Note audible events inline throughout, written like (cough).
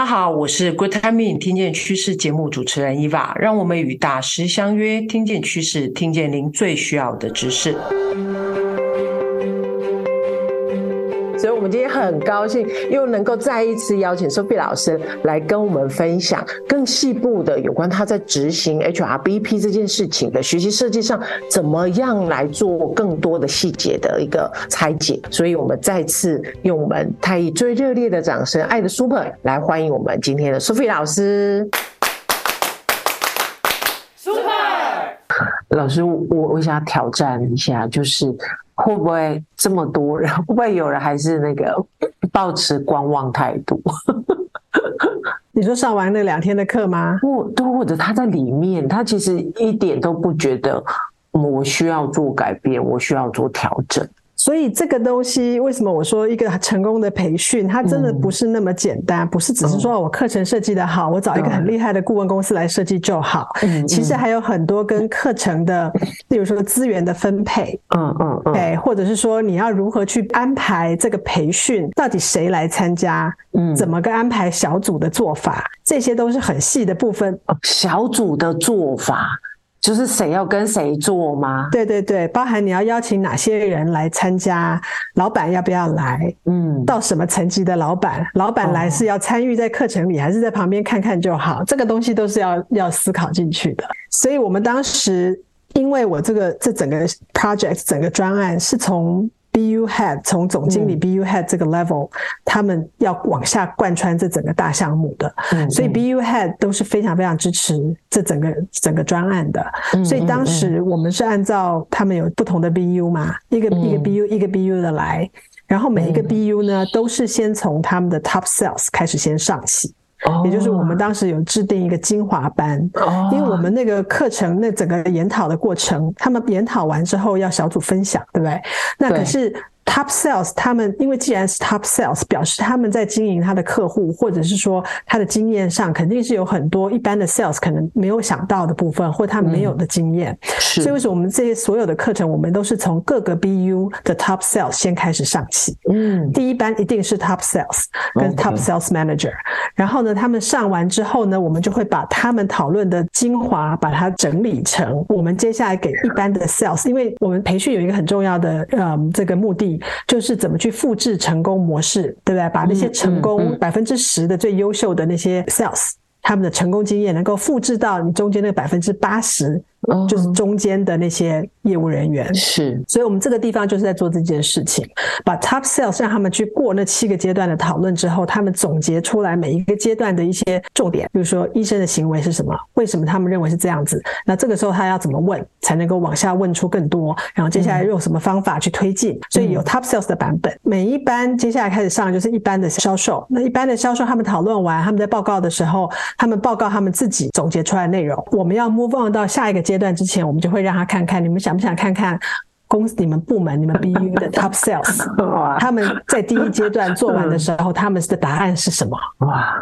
大家、啊、好，我是 Great Timing 聽見趨勢節目主持人 Eva，讓我們與大師相約，聽見趨勢，聽見您最需要的知識。我們今天很高興又能夠再一次邀請思菲老師來跟我們分享更細部的有關她在執行 HRBP 這件事情的學習設計上，怎麼樣來做更多的細節的一個拆解。所以，我們再次用我們太醫最熱烈的掌聲，愛的 Super 來歡迎我們今天的思菲老師。老師，我我想要挑戰一下，就是會不會這麼多人？會不會有人還是那個抱持觀望態度？ (laughs) 你說上完那兩天的課嗎？或，或者他在裡面，他其實一點都不覺得我需要做改變，我需要做調整。所以這個東西，為什麼我說一個成功的培訓，它真的不是那麼簡單，嗯、不是只是說我課程設計得好，嗯、我找一個很厲害的顧問公司來設計就好。嗯嗯、其實還有很多跟課程的，嗯、比如說資源的分配，嗯嗯，對、嗯嗯欸，或者是說你要如何去安排這個培訓，到底誰來參加，嗯，怎麼個安排小組的做法，這些都是很細的部分。小組的做法。就是誰要跟誰做嗎？對對對，包含你要邀請哪些人來參加，老闆要不要來？嗯，到什麼層級的老闆？老闆來是要參與在課程裡，哦、還是在旁邊看看就好？這個東西都是要要思考進去的。所以，我們當時因為我這個這整個 project 整個專案是從。BU head 從總經理 BU head 這個 level、嗯、他們要往下貫穿這整個大項目的，嗯、所以 BU head 都是非常非常支持這整個整個專案的。嗯、所以當時我們是按照他們有不同的 BU 嘛，嗯、一個、嗯、一個 BU 一個 BU 的來，然後每一個 BU 呢都是先從他們的 top sales 開始先上起。也就是我們當時有制定一個精華班，oh. Oh. 因為我們那個課程那整個研討的過程，他們研討完之後要小組分享，對不對？那可是。Top sales，他們因為既然是 Top sales，表示他們在經營他的客戶，或者是說他的經驗上肯定是有很多一般的 sales 可能沒有想到的部分，或他們沒有的經驗。嗯。是。所以為什麼我們這些所有的課程，我們都是從各個 BU 的 Top sales 先開始上起。嗯。第一班一定是 Top sales 跟 Top sales manager。Okay. 然後呢，他們上完之後呢，我們就會把他們討論的精華，把它整理成我們接下來給一般的 sales。因為我們培訓有一個很重要的嗯這個目的。就是怎麼去複製成功模式，對不對？把那些成功百分之十的最優秀的那些 sales 他們的成功經驗，能夠複製到你中間那百分之八十。就是中間的那些業務人員是，所以我們這個地方就是在做這件事情，把 top sales 讓他們去過那七個階段的討論之後，他們總結出來每一個階段的一些重點，比如說醫生的行為是什麼，為什麼他們認為是這樣子，那這個時候他要怎麼問才能夠往下問出更多，然後接下來用什麼方法去推進，所以有 top sales 的版本，每一班接下來開始上就是一般的銷售，那一般的銷售他們討論完，他們在報告的時候，他們報告他們自己總結出來的內容，我們要 move on 到下一個。階段之前，我們就會讓他看看，你們想不想看看公司、你們部門、你們 BU 的 Top Sales， (laughs) 他們在第一階段做完的時候，哇他們的答案是什麼？哇！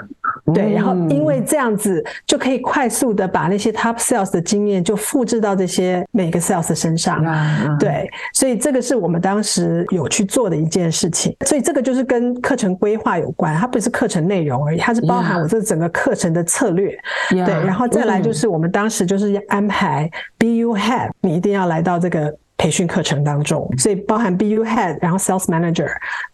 對，嗯、然後因為這樣子就可以快速的把那些 Top Sales 的經驗就複製到這些每個 Sales 的身上。嗯、對，所以這個是我們當時有去做的一件事情。所以這個就是跟課程規劃有關，它不是課程內容而已，它是包含我這整個課程的策略。嗯、對，然後再來就是我們當時就是要安排、嗯、BU Head，你一定要來到這個。培訓課程當中，所以包含 BU head，然後 sales manager，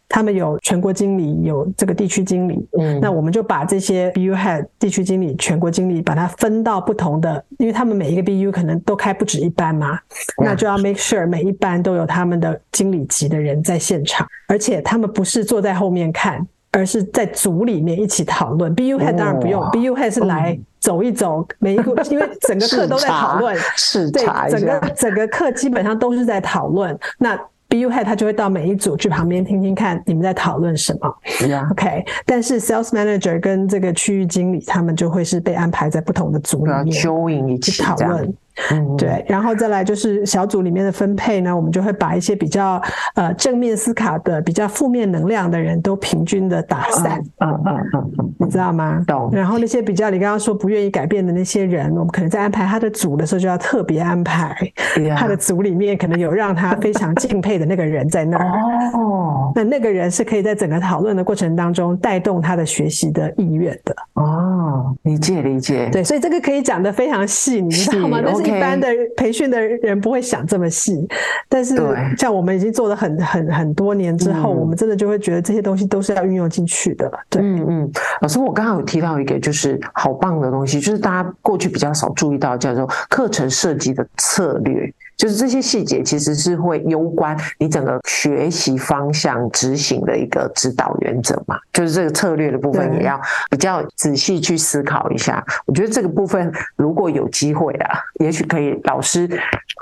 他們有全國經理，有這個地區經理，嗯，那我們就把這些 BU head、地區經理、全國經理，把它分到不同的，因為他們每一個 BU 可能都開不止一班嘛，嗯，那就要 make sure 每一班都有他們的經理級的人在現場，而且他們不是坐在後面看，而是在組裡面一起討論。BU head 當然不用，哦，BU head 是來。走一走，每一步，因為整個課都在討論，是 (laughs) 察，對，整個整個課基本上都是在討論。那 BU head 他就會到每一組去旁邊聽聽看你們在討論什麼。對呀 Yeah.，OK。但是 sales manager 跟這個區域經理他們就會是被安排在不同的組裡面 joining 一起討論。Yeah. (laughs) 嗯，對，然後再來就是小組裡面的分配呢，我們就會把一些比較呃正面思考的、比較負面能量的人都平均的打散，嗯嗯嗯，嗯你知道嗎？懂。然後那些比較你剛剛說不願意改變的那些人，我們可能在安排他的組的時候就要特別安排，Yeah. 他的組裡面可能有讓他非常敬佩的那個人在那兒。 (laughs) 哦。那那個人是可以在整個討論的過程當中帶動他的學習的意願的。哦，理解理解。對，所以這個可以講得非常細，你知道嗎？一般的培訓的人不會想這麼細，Okay, 但是像我們已經做了很很很多年之後，嗯、我們真的就會覺得這些東西都是要運用進去的。對，嗯嗯，老師，我剛剛有提到一個就是好棒的東西，就是大家過去比較少注意到叫做課程設計的策略。就是這些細節其實是會攸關你整個學習方向執行的一個指導原則嘛，就是這個策略的部分也要比較仔細去思考一下。我覺得這個部分如果有機會啦，也許可以老師，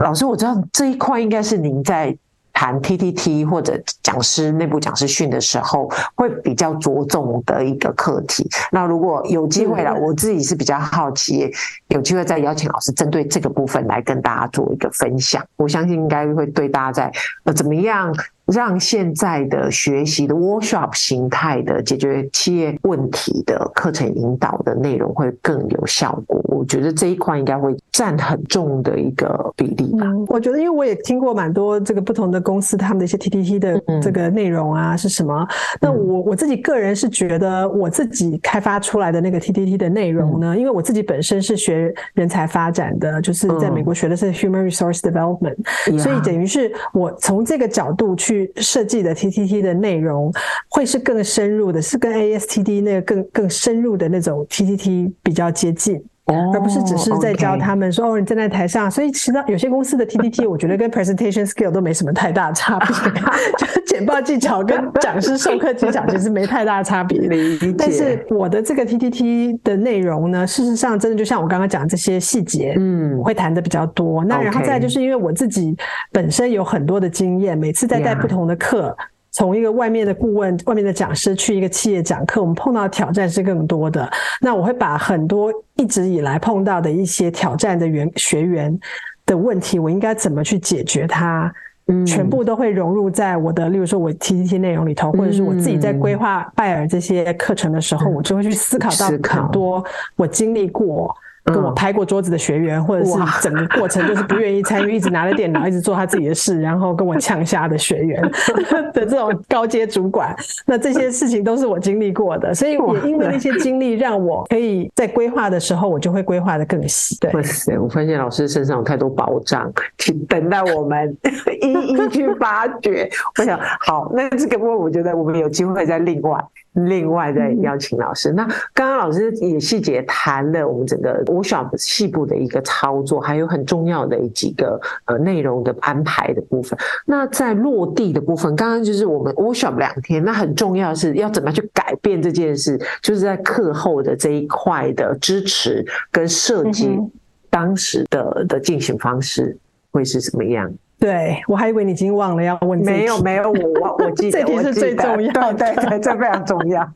老師，我知道這一塊應該是您在。談 TTT 或者講師內部講師訓的時候，會比較着重的一個課題。那如果有機會了，嗯、我自己是比較好奇，有機會再邀請老師針對這個部分來跟大家做一個分享。我相信應該會對大家在呃怎麼樣。讓現在的學習的 workshop 形態的解決企業問題的課程引導的內容會更有效果。我覺得這一塊應該會佔很重的一個比例吧、嗯。我覺得，因為我也聽過蠻多這個不同的公司他們的一些 TTT 的這個內容啊、嗯、是什麼。那、嗯、我我自己個人是覺得，我自己開發出來的那個 TTT 的內容呢，嗯、因為我自己本身是學人才發展的，就是在美國學的是 human resource development，、嗯、所以等於是我從這個角度去。設計的 TTT 的內容會是更深入的，是跟 ASTD 那個更更深入的那種 TTT 比較接近。而不是只是在教他們說、oh, okay. 哦，你站在台上，所以其實有些公司的 T T T，我覺得跟 presentation skill 都沒什麼太大的差別， (laughs) 就簡報技巧跟講師授課技巧其實沒太大差別。 (laughs) 理解。但是我的這個 T T T 的內容呢，事實上真的就像我剛剛講的這些細節，嗯，我會談的比較多。Okay. 那然後再來就是因為我自己本身有很多的經驗，每次在帶不同的課。Yeah. 從一個外面的顧問、外面的講師去一個企業講課，我們碰到的挑戰是更多的。那我會把很多一直以來碰到的一些挑戰的原學員的問題，我應該怎麼去解決它？嗯，全部都會融入在我的，例如說我 T T T 內容裡頭，或者是我自己在規劃拜耳這些課程的時候，嗯、我就會去思考到很多我經歷過。跟我拍過桌子的學員，嗯、或者是整個過程就是不願意參與，哇一直拿着電腦一直做他自己的事，然後跟我嗆瞎的學員、嗯、的這種高階主管，那這些事情都是我經歷過的，所以我因為那些經歷，讓我可以在規劃的時候，我就會規劃得更細。對，哇塞，我發現老師身上有太多寶藏，請等待我們一一去發掘。 (laughs) 我想，好，那這個部分我覺得我們有機會再另外。另外再邀請老師。嗯、那剛剛老師也細節談了我們整個 workshop 細部的一個操作，還有很重要的幾個呃內容的安排的部分。那在落地的部分，剛剛就是我們 workshop 兩天，那很重要是要怎麼樣去改變這件事，就是在課後的這一塊的支持跟設計，當時的、嗯、哼的進行方式會是什麼樣？對，我還以為你已經忘了要問。沒有，沒有，我我我記得，這題是最重要的，對對，這非常重要。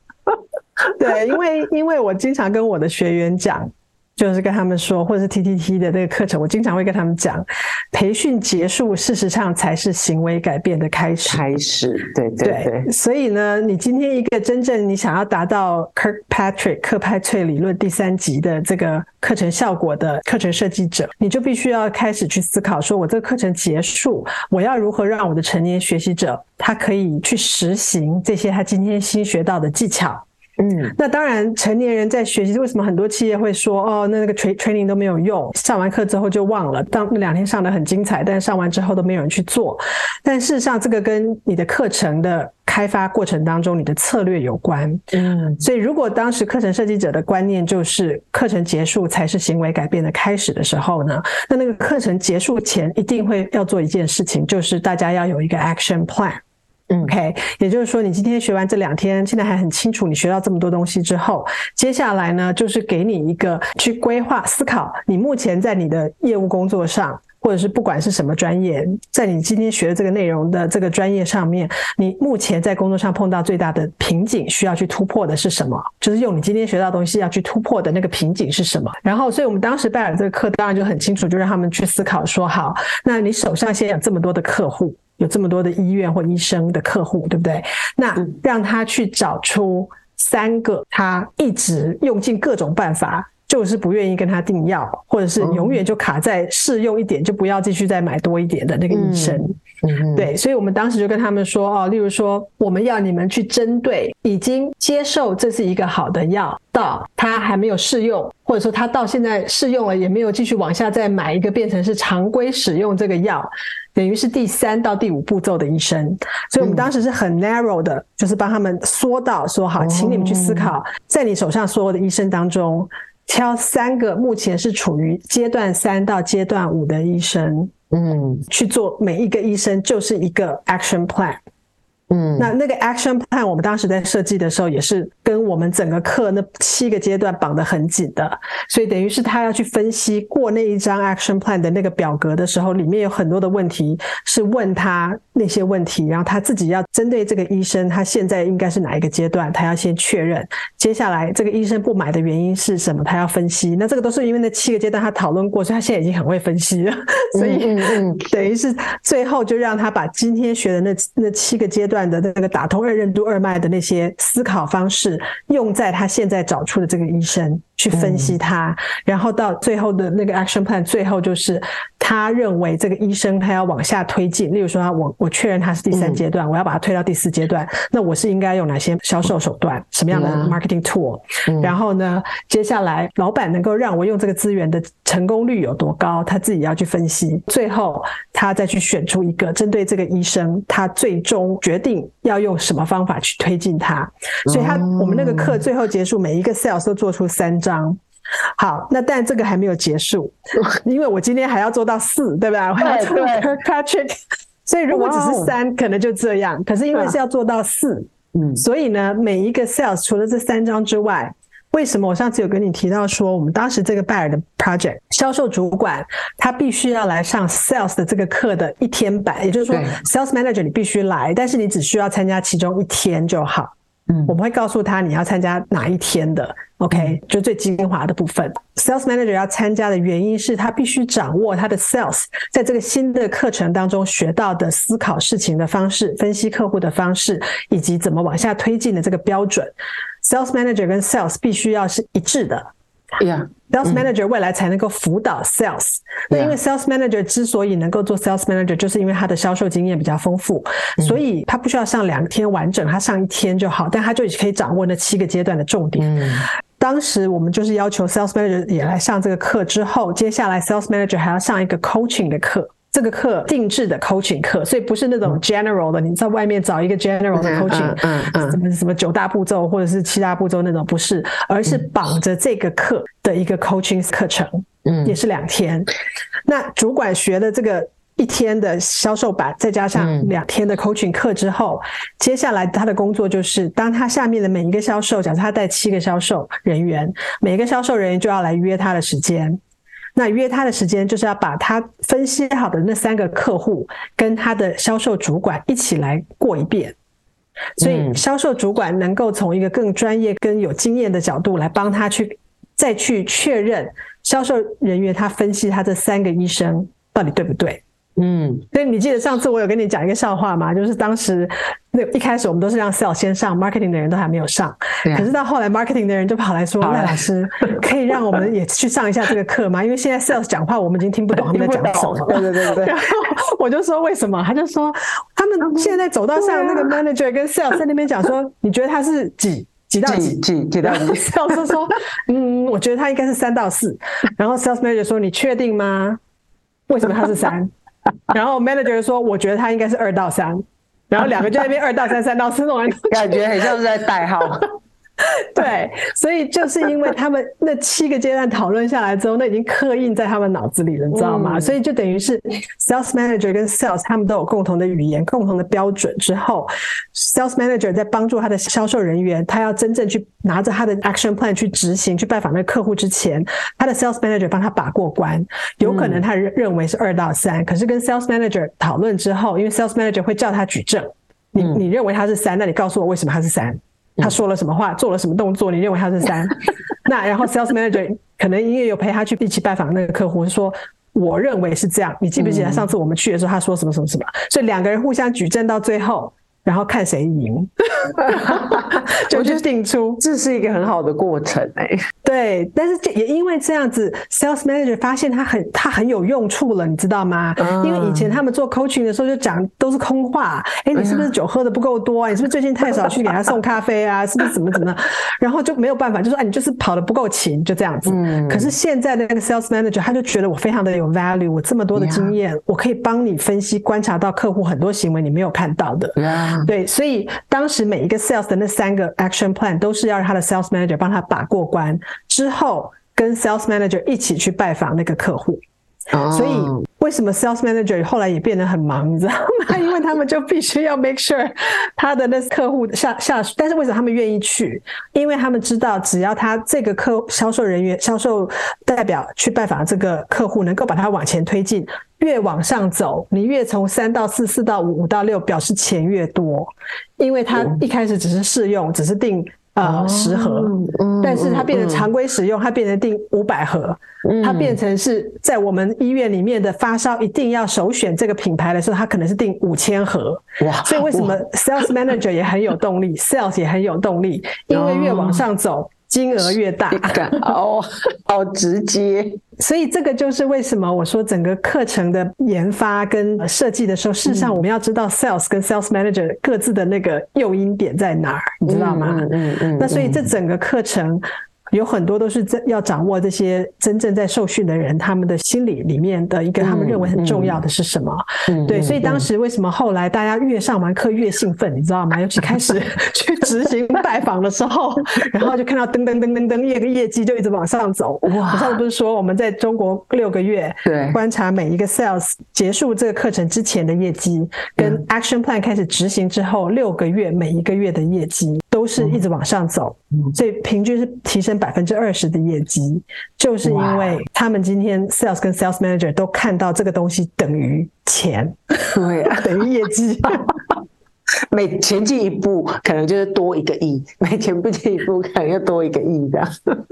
(laughs) 對，因為因為我經常跟我的學員講。就是跟他們說，或者是 TTT 的這個課程，我經常會跟他們講，培訓結束事實上才是行為改變的開始。開始，對對對，對。所以呢，你今天一個真正你想要達到 Kirkpatrick 柯派翠理論第三級的這個課程效果的課程設計者，你就必須要開始去思考，說我這個課程結束，我要如何讓我的成年學習者他可以去實行這些他今天新學到的技巧。嗯，那當然，成年人在學習，為什麼很多企業會說哦，那那個 train training 都沒有用，上完課之後就忘了。當那兩天上得很精彩，但上完之後都沒有人去做。但事實上，這個跟你的課程的開發過程當中，你的策略有關。嗯，所以如果當時課程設計者的觀念就是課程結束才是行為改變的開始的時候呢，那那個課程結束前一定會要做一件事情，就是大家要有一個 action plan。嗯，OK，也就是說，你今天學完這兩天，現在還很清楚，你學到這麼多東西之後，接下來呢，就是給你一個去規劃、思考，你目前在你的業務工作上，或者是不管是什麼專業，在你今天學的這個內容的這個專業上面，你目前在工作上碰到最大的瓶頸，需要去突破的是什麼？就是用你今天學到的東西要去突破的那個瓶頸是什麼？然後，所以我們當時拜爾這個課，當然就很清楚，就讓他們去思考說，好，那你手上現在有這麼多的客戶。有這麼多的醫院或醫生的客戶，對不對？那讓他去找出三個，他一直用盡各種辦法。就是不願意跟他訂藥，或者是永遠就卡在試用一點，嗯、就不要繼續再買多一點的那個醫生。嗯嗯、對，所以我們當時就跟他們說哦，例如說，我們要你們去針對已經接受這是一個好的藥，到他還沒有試用，或者說他到現在試用了也沒有繼續往下再買一個，變成是常規使用這個藥，等於是第三到第五步驟的醫生。所以我們當時是很 narrow 的，嗯、就是幫他們說到說好，請你們去思考，嗯、在你手上所有的醫生當中。挑三個目前是處於階段三到階段五的醫生，嗯，去做，每一個醫生就是一個 action plan。嗯，那那個 action plan，我們當時在設計的時候，也是跟我們整個課那七個階段綁得很緊的，所以等於是他要去分析過那一張 action plan 的那個表格的時候，裡面有很多的問題是問他那些問題，然後他自己要針對這個醫生，他現在應該是哪一個階段，他要先確認，接下來這個醫生不買的原因是什麼，他要分析。那這個都是因為那七個階段他討論過，所以他現在已經很會分析了，所以等於是最後就讓他把今天學的那那七個階段。的那個打通任任督二脈的那些思考方式，用在他現在找出的這個醫生去分析他，然後到最後的那個 action plan，最後就是。他認為這個醫生他要往下推進，例如說我，我我確認他是第三階段，嗯、我要把他推到第四階段，那我是應該用哪些銷售手段，嗯、什麼樣的 marketing tool？嗯、然後呢，接下來老闆能夠讓我用這個資源的成功率有多高，他自己要去分析。最後他再去選出一個針對這個醫生，他最終決定要用什麼方法去推進他。嗯、所以他我們那個課最後結束，每一個 sales 都做出三張。好，那但這個還沒有結束，因為我今天還要做到四， (laughs) 對吧？我還要做到 Kirkpatrick， (laughs) 所以如果只是三、哦哦，可能就這樣。可是因為是要做到四，嗯，所以呢，每一個 sales 除了這三張之外，為什麼我上次有跟你提到說，我們當時這個拜爾的 project 銷售主管他必須要來上 sales 的這個課的一天版，也就是說，sales manager 你必須來，但是你只需要參加其中一天就好。嗯，我們會告訴他你要參加哪一天的，OK，就最精華的部分。Sales manager 要參加的原因是他必須掌握他的 sales 在這個新的課程當中學到的思考事情的方式、分析客戶的方式，以及怎麼往下推進的這個標準。Sales manager 跟 sales 必須要是一致的。Yeah，Sales Manager 未來才能夠輔導 Sales、嗯。那因為 Sales Manager 之所以能夠做 Sales Manager，就是因為他的銷售經驗比較豐富，嗯、所以他不需要上兩天完整，他上一天就好，但他就已經可以掌握那七個階段的重點。嗯、當時我們就是要求 Sales Manager 也來上這個課之後，接下來 Sales Manager 還要上一個 Coaching 的課。這個課定制的 coaching 課，所以不是那種 general 的，嗯，你在外面找一個 general 的 coaching，嗯，嗯，嗯，什麼什麼九大步驟或者是七大步驟那種不是，而是綁着這個課的一個 coaching 課程，嗯，也是兩天。那主管學的這個一天的銷售版，再加上兩天的 coaching 課之後，嗯，接下來他的工作就是，當他下面的每一個銷售，假設他帶七個銷售人員，每一個銷售人員就要來約他的時間。那約他的時間就是要把他分析好的那三個客戶跟他的銷售主管一起來過一遍，所以銷售主管能夠從一個更專業跟有經驗的角度來幫他去再去確認銷售人員他分析他這三個醫生到底對不對。嗯，所以你記得上次我有跟你講一個笑話嗎？就是當時那一開始我們都是讓 sales 先上，marketing 的人都還沒有上。啊、可是到後來，marketing 的人就跑來說：“嘞老師， (laughs) 可以讓我們也去上一下這個課嗎？”因為現在 sales 講話我們已經聽不懂他們在講什麼。對對對對。然後我就說：“為什麼？”他就說：“他們現在走到上那個 manager 跟 sales 在那邊講說，啊、你覺得他是幾幾到幾？”幾幾到幾？sales 就說：“ (laughs) 嗯，我覺得他應該是三到四。”然後 sales manager 說：“你確定嗎？為什麼他是三？” (laughs) (laughs) 然後 manager 就說，我覺得他應該是二到三， (laughs) 然後兩個就在那邊二到三、三到四 (laughs) 那種感覺很像是在代號。 (laughs) (laughs) 對，所以就是因為他們那七個階段討論下來之後，那已經刻印在他們腦子裡了，你知道嗎？嗯、所以就等於是 sales manager 跟 sales 他們都有共同的語言、共同的標準之後 (laughs) ，sales manager 在幫助他的銷售人員，他要真正去拿着他的 action plan 去執行、去拜訪那個客戶之前，他的 sales manager 幫他把過關。有可能他認為是二到三、嗯，可是跟 sales manager 討論之後，因為 sales manager 會叫他舉證，你你認為他是三，那你告訴我為什麼他是三？他說了什麼話，嗯、做了什麼動作？你認為他是三？ (laughs) 那然後 sales manager 可能也有陪他去一起拜訪那個客戶，說我認為是這樣。你記不記得上次我們去的時候，他說什麼什麼什麼？嗯、所以兩個人互相舉證到最後，然後看誰贏， (laughs) 就 (laughs) 我就，我就定出初。這是一個很好的過程哎、欸。對，但是也因為這樣子，sales manager 發現他很他很有用處了，你知道嗎？因為以前他們做 coaching 的時候就講都是空話，哎，你是不是酒喝得不夠多？Yeah. 你是不是最近太少去給他送咖啡啊？ (laughs) 是不是怎麼怎麼？然後就沒有辦法，就說啊、哎，你就是跑得不夠勤，就這樣子。嗯。可是現在的那個 sales manager，他就覺得我非常的有 value，我這麼多的經驗，Yeah. 我可以幫你分析、觀察到客戶很多行為你沒有看到的。啊。Yeah. 對，所以當時每一個 sales 的那三個 action plan 都是要讓他的 sales manager 幫他把過關。之後跟 sales manager 一起去拜訪那個客戶，所以為什麼 sales manager 後來也變得很忙，你知道嗎？因為他們就必須要 make sure 他的那客戶下下去，但是為什麼他們願意去？因為他們知道，只要他這個客銷售人員、銷售代表去拜訪這個客戶，能夠把他往前推進，越往上走，你越從三到四、四到五、五到六，表示錢越多，因為他一開始只是試用，只是定。啊，十、呃 oh, 盒，嗯嗯嗯、但是它變成常規使用，它變成定五百盒，嗯、它變成是在我們醫院裡面的發燒一定要首選這個品牌的時候，它可能是定五千盒。哇，所以為什麼 sales manager 也很有動力哇 (laughs) ，sales 也很有動力，因為越往上走。Oh. 金額越大 (laughs) 哦，哦，好直接，所以這個就是為什麼我說整個課程的研發跟設計的時候，事實上我們要知道 sales 跟 sales manager 各自的那個誘因點在哪兒，你知道嗎？嗯嗯，嗯，嗯。那所以這整個課程。有很多都是在要掌握這些真正在受訓的人，他們的心理裡面的一個，他們認為很重要的是什麼？嗯嗯、對，嗯、所以當時為什麼後來大家越上完課越興奮，嗯、你知道嗎？尤其開始去執行拜訪的時候， (laughs) 然後就看到噔噔噔噔噔,噔，那個業績就一直往上走。哇！上次不是說我們在中國六個月對觀察每一個 sales 結束這個課程之前的業績，對跟 action plan 開始執行之後六個月每一個月的業績。是一直往上走，嗯、所以平均是提升百分之二十的業績，嗯、就是因為他們今天 sales 跟 sales manager 都看到這個東西等於錢，對哇， (laughs) 等於業績， (laughs) 每前進一步可能就是多一個億，每前不進一步可能又多一個億的。 (laughs)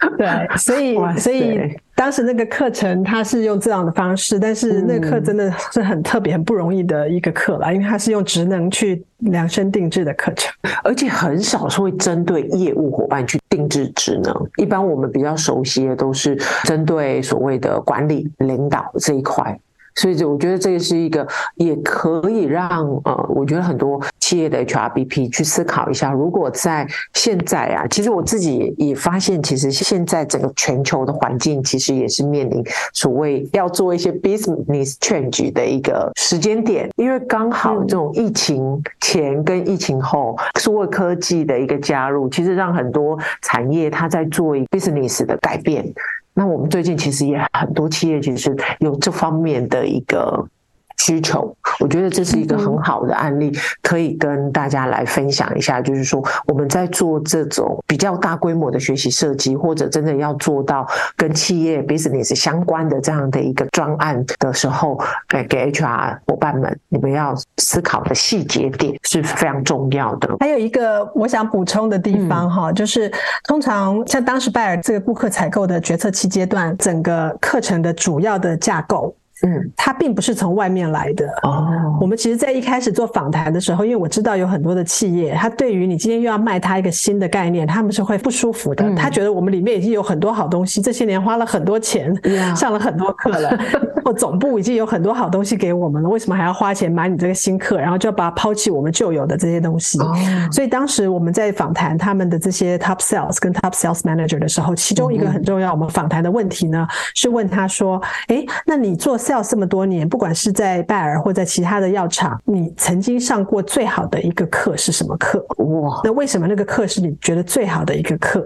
(laughs) 對，所以所以當時那個課程，它是用這樣的方式，但是那個課真的是很特別、很不容易的一個課啦，因為它是用職能去量身定制的課程，而且很少是會針對業務夥伴去定制職能，一般我們比較熟悉的都是針對所謂的管理、領導這一塊。所以這我覺得這是一個，也可以讓呃，我覺得很多企業的 HRBP 去思考一下，如果在現在啊，其實我自己也發現，其實現在整個全球的環境其實也是面臨所謂要做一些 business change 的一個時間點，因為剛好這種疫情前跟疫情後，數位科技的一個加入，其實讓很多產業它在做一個 business 的改變。那我們最近其實也很多企業其實有這方面的一個。需求，我覺得這是一個很好的案例，嗯、哼可以跟大家來分享一下。就是說，我們在做這種比較大規模的學習設計，或者真的要做到跟企業 business 相關的這樣的一個專案的時候，哎，給 HR 夥伴們，你們要思考的細節點是非常重要的。還有一個我想補充的地方哈，嗯、哼就是通常像當時拜爾這個顧客採購的決策期階段，整個課程的主要的架構。嗯，他並不是從外面來的哦。Oh. 我們其實，在一開始做訪談的時候，因為我知道有很多的企業，他對於你今天又要賣他一個新的概念，他們是會不舒服的。Mm. 他覺得我們裡面已經有很多好東西，這些年花了很多錢，Yeah. 上了很多課了，或總部已經有很多好東西給我們了， (laughs) 為什麼還要花錢買你這個新課？然後就把他拋棄我們舊有的這些東西。Oh. 所以當時我們在訪談他們的這些 top sales 跟 top sales manager 的時候，其中一個很重要，我們訪談的問題呢，mm hmm. 是問他說：“哎、欸，那你做？” Sales 這麼多年，不管是在拜爾或在其他的藥廠，你曾經上過最好的一個課是什麼課？哇！Oh. 那為什麼那個課是你覺得最好的一個課？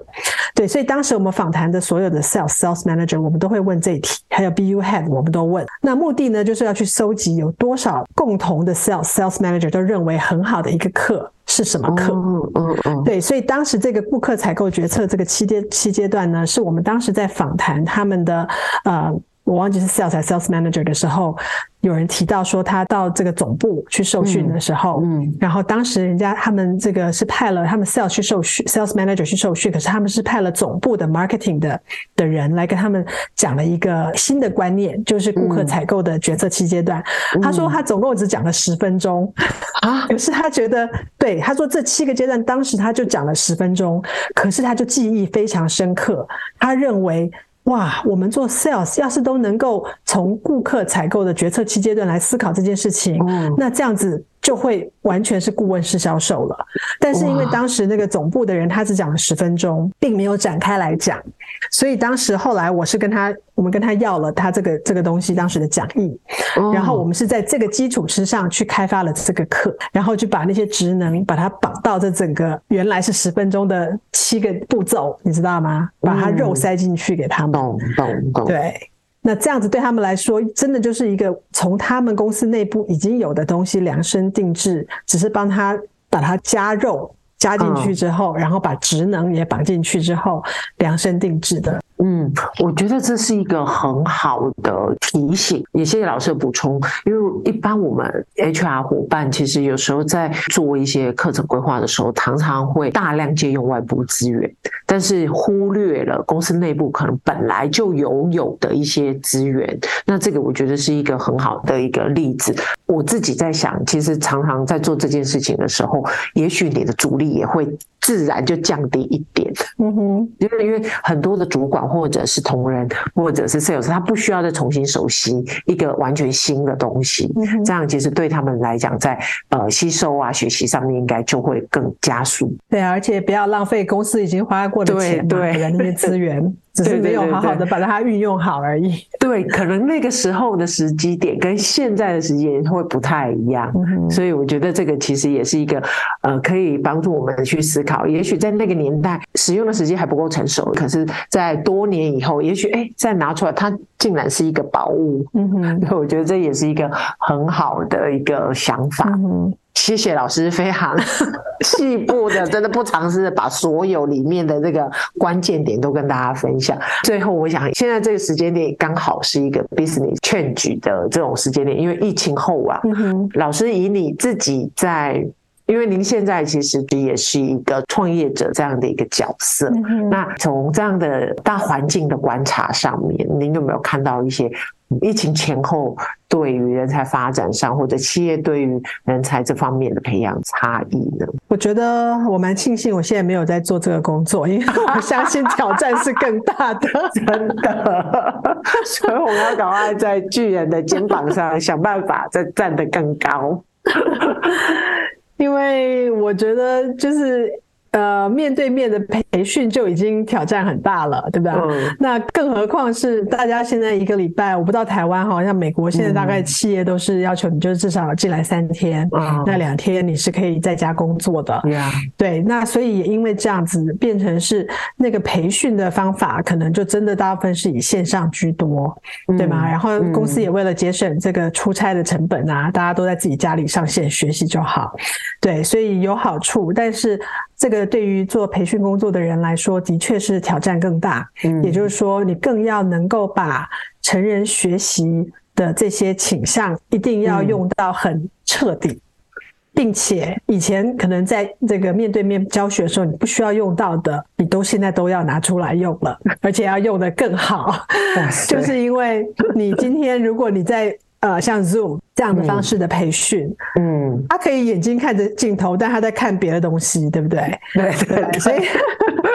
對，所以當時我們訪談的所有的 Sales Sales Manager，我們都會問這一題，還有 BU Head 我們都問。那目的呢，就是要去搜集，有多少共同的 Sales Sales Manager 都認為很好的一個課是什麼課？嗯嗯嗯。對，所以當時這個顧客採購決策這個七階七階段呢，是我們當時在訪談他們的呃。我忘記是 sales 還是 sales manager 的時候，有人提到說他到這個總部去受訓的時候，嗯，然後當時人家他們這個是派了他們 sales 去受訓，sales manager 去受訓，可是他們是派了總部的 marketing 的的人來跟他們講了一個新的觀念，就是顧客採購的決策七階段。他說他總共只講了十分鐘啊，可是他覺得對，他說這七個階段當時他就講了十分鐘，可是他就記憶非常深刻，他認為。哇，我們做 sales 要是都能夠從顧客採購的決策期階段來思考這件事情，嗯、那這樣子，就會完全是顧問式銷售了，但是因為當時那個總部的人他只講了十分鐘，哇並沒有展開來講，所以當時後來我是跟他，我們跟他要了他這個這個東西當時的講義，哦、然後我們是在這個基礎之上去開發了這個課，然後就把那些職能把它綁到這整個原來是十分鐘的七個步驟，你知道嗎？把它肉塞進去給他們，懂懂、嗯、懂，懂，對。那這樣子對他們來說，真的就是一個從他們公司內部已經有的東西量身定製，只是幫他把它加肉加進去之後，然後把職能也綁進去之後，量身定製的。嗯，我覺得這是一個很好的提醒，也謝謝老師的補充。因為一般我們 HR 夥伴其實有時候在做一些課程規劃的時候，常常會大量借用外部資源，但是忽略了公司內部可能本來就擁有的一些資源。那這個我覺得是一個很好的一個例子。我自己在想，其實常常在做這件事情的時候，也許你的阻力也會自然就降低一點。嗯哼，因為因為很多的主管。或者是同仁，或者是攝影師，他不需要再重新熟悉一個完全新的東西，這樣其實對他們來講在，在呃吸收啊學習上面應該就會更加速。對、啊，而且不要浪費公司已經花過的錢、啊對，對對，那些資源。 (laughs) 只是沒有好好的把它運用好而已。對，可能那個時候的時機點跟現在的時間會不太一樣，嗯、哼所以我覺得這個其實也是一個，呃，可以幫助我們去思考。也許在那個年代使用的時機還不夠成熟，可是，在多年以後，也許誒、欸，再拿出來，它竟然是一個寶物。嗯哼，所以我覺得這也是一個很好的一個想法。嗯謝謝老師，非常細部的，真的不嘗試的把所有裡面的這個關鍵點都跟大家分享。最後，我想現在這個時間點剛好是一個 business change 的這種時間點，因為疫情後啊，嗯、哼老師以你自己在，因為您現在其實也是一個創業者這樣的一個角色，嗯、哼那從這樣的大環境的觀察上面，您有沒有看到一些？疫情前後對於人才發展上，或者企業對於人才這方面的培養差異呢？我覺得我蠻慶幸，幸我現在沒有在做這個工作，因為我相信挑戰是更大的， (laughs) 真的。所以我要趕快在巨人的肩膀上，想辦法再站得更高。 (laughs) 因為我覺得就是呃，面對面的培培訓就已經挑戰很大了，對不對？嗯、那更何況是大家現在一個禮拜，我不知道台灣，好像美國現在大概企業都是要求你，就至少進來三天，嗯、那兩天你是可以在家工作的，嗯、對。那所以也因為這樣子，變成是那個培訓的方法，可能就真的大部分是以線上居多，對嗎？嗯、然後公司也為了節省這個出差的成本啊，大家都在自己家裡上線學習就好，對，所以有好處。但是這個對於做培訓工作的人。人來說，的確是挑戰更大。嗯、也就是說，你更要能夠把成人學習的這些傾向，一定要用到很徹底，嗯、並且以前可能在這個面對面教學的時候，你不需要用到的，你都現在都要拿出來用了， (laughs) 而且要用得更好。 (laughs) 就是因為你今天，如果你在呃，像 Zoom。這樣的方式的培訓，嗯，嗯，他可以眼睛看着鏡頭，但他在看別的東西，對不對？ (laughs) 對對，對，所以。 (laughs) (laughs)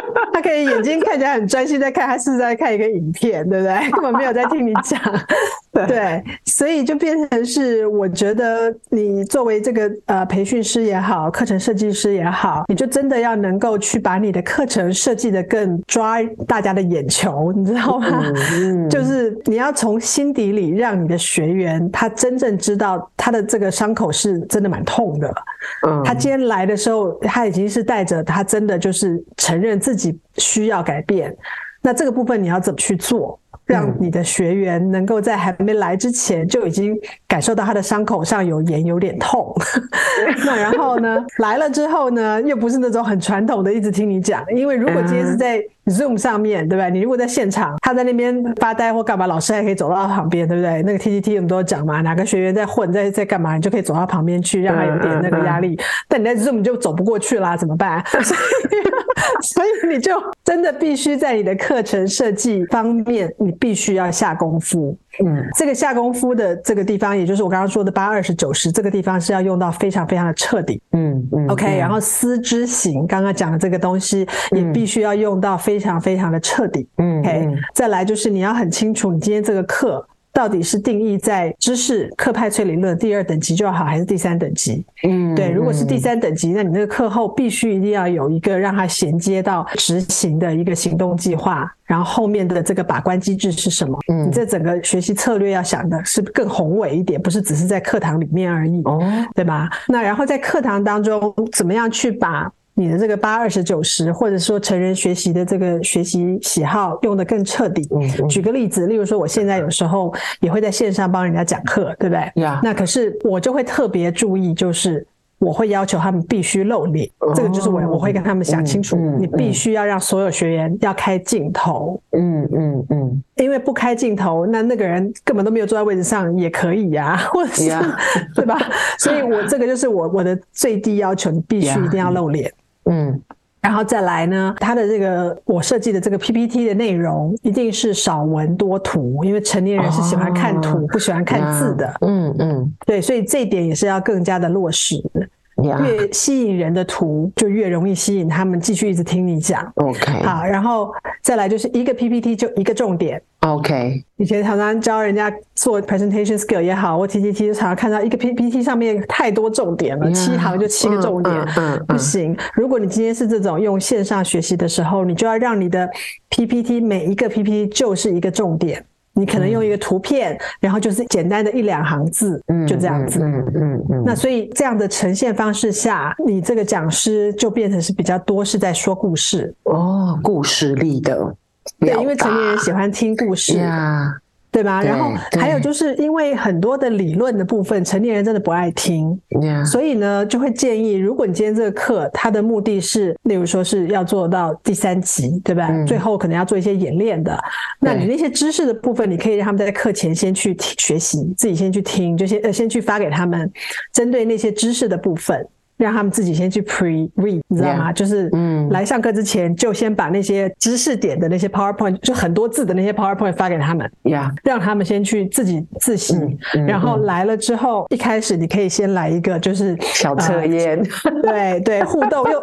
(laughs) 可以眼睛看起來很專心在看，他是不是在看一個影片，對不對？根本沒有在聽你講， (laughs) 對，對，所以就變成是我覺得你作為這個呃培訓師也好，課程設計師也好，你就真的要能夠去把你的課程設計得更抓大家的眼球，你知道嗎？嗯嗯、就是你要從心底裡讓你的學員他真正知道他的這個傷口是真的蠻痛的，嗯、他今天來的時候，他已經是帶着他真的就是承認自己。需要改變，那這個部分你要怎麼去做？讓你的學員能夠在還沒來之前就已經感受到他的傷口上有鹽，有點痛，那然後呢，來了之後呢，又不是那種很傳統的一直聽你講，因為如果今天是在 Zoom 上面，對吧？你如果在現場，他在那邊發呆或幹嘛，老師還可以走到他旁邊，對不對？那個 TTT 我們都講嘛，哪個學員在混在在幹嘛，你就可以走到旁邊去讓他有點那個壓力。但你在 Zoom 就走不過去啦啊，怎麼辦？所以，所以你就真的必須在你的課程設計方面，你。必須要下功夫，嗯，這個下功夫的這個地方，也就是我剛剛說的八二十九十，這個地方是要用到非常非常的徹底，嗯嗯，OK，然後思之行，嗯、剛剛講的這個東西也必須要用到非常非常的徹底嗯。OK、嗯嗯、再來就是你要很清楚，你今天這個課。到底是定義在知識柯派翠克理論第二等級就要好，還是第三等級？嗯，對。如果是第三等級，那你那個課後必須一定要有一個讓它銜接到執行的一個行動計劃，然後後面的這個把關機制是什麼？嗯，你這整個學習策略要想的是更宏偉一點，不是只是在課堂裡面而已。哦、嗯，對吧？那然後在課堂當中，怎麼樣去把？你的這個八二十九十，或者說成人學習的這個學習喜好用得更徹底。舉個例子，例如說，我現在有時候也會在線上幫人家講課，對不對？Yeah. 那可是我就會特別注意，就是我會要求他們必須露臉。Oh, 這個就是我我會跟他們講清楚，嗯嗯嗯、你必須要讓所有學員要開鏡頭。嗯嗯嗯。嗯嗯嗯，因為不開鏡頭，那那個人根本都沒有坐在位置上也可以呀、啊，或者是 Yeah. 對吧？ (laughs) 所以我這個就是我我的最低要求，Yeah. 你必須一定要露臉。嗯，然後再來呢，他的這個我設計的這個 PPT 的內容一定是少文多圖，因為成年人是喜歡看圖、哦，不喜歡看字的。嗯嗯，嗯對，所以這一點也是要更加的落實，嗯、越吸引人的圖就越容易吸引他們繼續一直聽你講。OK，好，然後再來就是一個 PPT 就一個重點。OK，以前常常教人家做 presentation skill 也好，或 TTT 常常看到一個 PPT 上面太多重點了，yeah, 七行就七個重點，嗯，uh, uh, uh, uh, 不行。如果你今天是這種用線上學習的時候，你就要讓你的 PPT 每一個 PPT 就是一個重點，你可能用一個圖片，嗯、然後就是簡單的一兩行字，嗯，就這樣子，嗯嗯嗯。嗯嗯嗯，那所以這樣的呈現方式下，你這個講師就變成是比較多是在說故事哦，故事力的。了解對，因為成年人喜歡聽故事 yeah, 對吧？對，然後還有就是因為很多的理論的部分，成年人真的不愛聽，Yeah. 所以呢，就會建議，如果你今天這個課，它的目的是，例如說是要做到第三級，對吧？嗯、最後可能要做一些演練的，那你那些知識的部分，你可以讓他們在課前先去學習，自己先去聽，就先呃先去發給他們，針對那些知識的部分。讓他們自己先去 pre-read，你知道嗎？就是嗯，來上課之前就先把那些知識點的那些 PowerPoint，就很多字的那些 PowerPoint 發給他們，呀，讓他們先去自己自習。然後來了之後，一開始你可以先來一個就是小測驗，對對，互動用。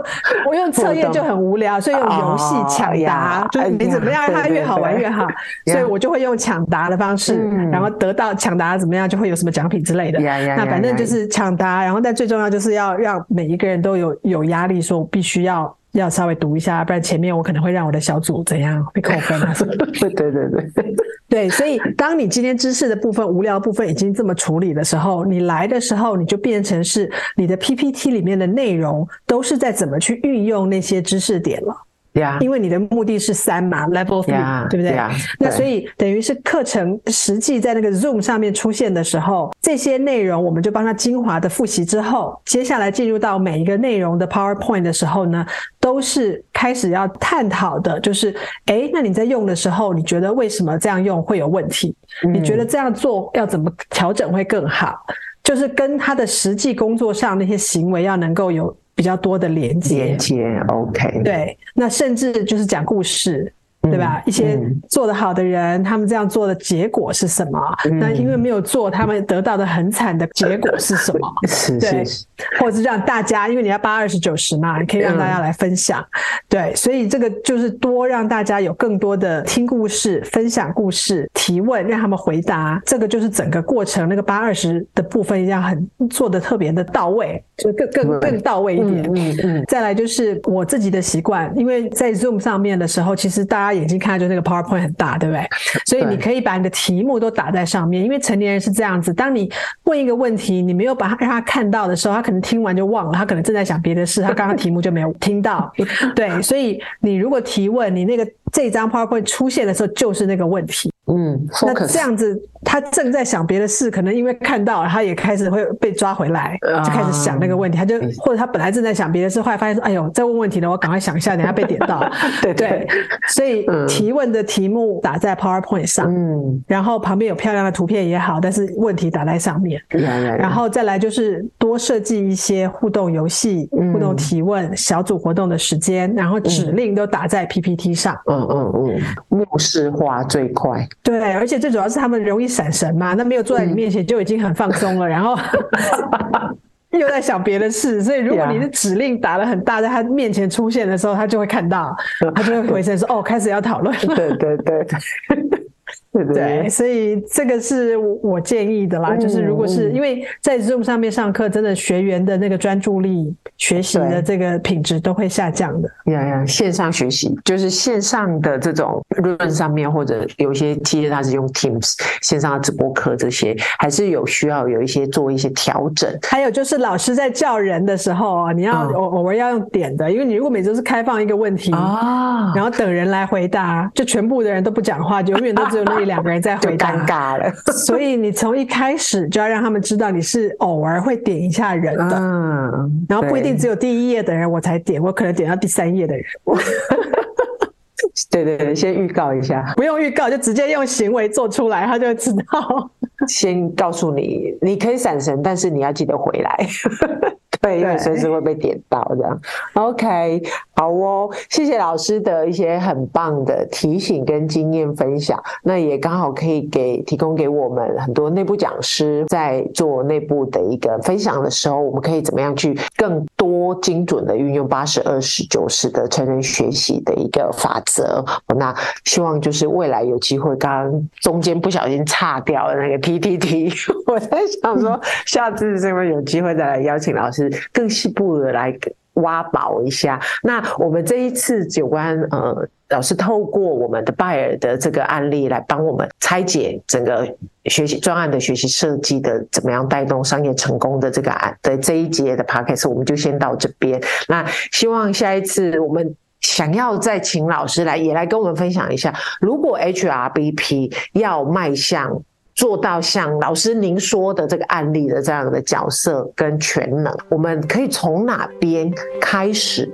我用測驗就很無聊，所以用遊戲搶答，就你怎麼樣，他越好玩越好。所以我就會用搶答的方式，然後得到搶答怎麼樣，就會有什麼獎品之類的。那反正就是搶答，然後但最重要就是要讓。每一個人都有有壓力，說我必須要要稍微讀一下，不然前面我可能會讓我的小組怎樣被扣分了是不是？ (laughs) 對對對對對，所以當你今天知識的部分、無聊部分已經這麼處理的時候，你來的時候，你就變成是你的 PPT 裡面的內容都是在怎麼去運用那些知識點了。Yeah, 因為你的目的是三嘛，level three，yeah, 對不對？Yeah, 那所以等於是課程實際在那個 Zoom 上面出現的時候，這些內容我們就幫他精華的復習之後，接下來進入到每一個內容的 PowerPoint 的時候呢，都是開始要探討的，就是哎，那你在用的時候，你覺得為什麼這樣用會有問題？嗯，你覺得這樣做要怎麼調整會更好？就是跟他的實際工作上那些行為要能夠有。比較多的連接，連接，OK。對，那甚至就是講故事。對吧？一些做得好的人，嗯嗯、他們這樣做的結果是什麼？嗯、那因為沒有做，嗯、他們得到的很慘的結果是什麼？嗯、 (laughs) 對是，是或者是讓大家，因為你要八二十九十嘛，你可以讓大家來分享。嗯、對，所以這個就是多讓大家有更多的聽故事、分享故事、提問，讓他們回答。這個就是整個過程，那個八二十的部分一樣要很做的特別的到位，就更更更到位一點。嗯。嗯嗯，再來就是我自己的習慣，因為在 Zoom 上面的時候，其實大家。眼睛看到就那個 PowerPoint 很大，對不對？所以你可以把你的題目都打在上面，對因為成年人是這樣子。當你問一個問題，你沒有把他讓他看到的時候，他可能聽完就忘了，他可能正在想別的事， (laughs) 他剛剛題目就沒有聽到。對，所以你如果提問，你那個這張 PowerPoint 出現的時候就是那個問題。嗯，那這樣子，他正在想別的事，可能因為看到他也開始會被抓回來，就開始想那個問題，他就或者他本來正在想別的事，後來發現說，哎呦，在問問題呢，我趕快想一下，等下被點到。 (laughs) 對對,對，所以提問的題目打在 PowerPoint 上，嗯，然後旁邊有漂亮的圖片也好，但是問題打在上面，然後再來就是多設計一些互動遊戲、互動提問、小組活動的時間，然後指令都打在 PPT 上嗯。嗯嗯嗯，目視化最快。對，而且最主要是他們容易閃神嘛，那沒有坐在你面前就已經很放鬆了，嗯、 (laughs) 然後又在想別的事，所以如果你的指令打得很大，在他面前出現的時候，他就會看到，他就會回神說：“對哦，開始要討論了。”對對對對。對不對，對，對。所以這個是我建議的啦，嗯、就是如果是因為在 Zoom 上面上課，真的學員的那個專注力，學習的這個品質都會下降的。呀呀，線上學習就是線上的這種 Zoom、Zoom 上面，或者有些企業他是用 Teams 線上的直播課這些，還是有需要有一些做一些調整。還有就是老師在叫人的時候，你要，嗯、我我要用點的，因為你如果每周是開放一個問題啊，然後等人來回答，就全部的人都不講話，就永遠都只有。 (laughs) 兩個人在回尷尬了， (laughs) 所以你從一開始就要讓他們知道你是偶爾會點一下人的，嗯、然後不一定只有第一頁的人我才點，對我可能點到第三頁的人。 (laughs) 對對對，先預告一下，不用預告就直接用行為做出來，他就知道。 (laughs) 先告訴你，你可以閃神，但是你要記得回來。 (laughs) 對，因為對隨時會被點到這樣。OK，好哦，謝謝老師的一些很棒的提醒跟經驗分享。那也剛好可以給提供給我們很多內部講師在做內部的一個分享的時候，我們可以怎麼樣去更多精準的運用八十二十九十的成人學習的一個法則？那希望就是未來有機會，剛剛中間不小心岔掉的那個 PPT，我在想說下次這邊有機會再來邀請老師。嗯更細部的來挖寶一下。那我們這一次有關呃，老師透過我們的拜爾的這個案例來幫我們拆解整個學習專案的學習設計的怎麼樣帶動商業成功的這個案的這一節的 podcast，我們就先到這邊。那希望下一次我們想要再請老師來也來跟我們分享一下，如果 HRBP 要邁向。做到像老師您說的這個案例的這樣的角色跟全能，我們可以從哪邊開始？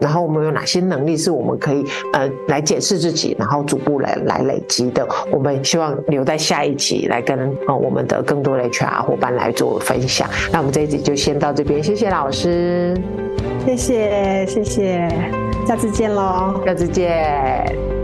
然後我們有哪些能力是我們可以呃來解釋自己，然後逐步來來累積的？我們希望留在下一集來跟、呃、我們的更多的 HR 夥伴來做分享。那我們這一集就先到這邊，謝謝老師，謝謝謝謝，下次見嘍，下次見。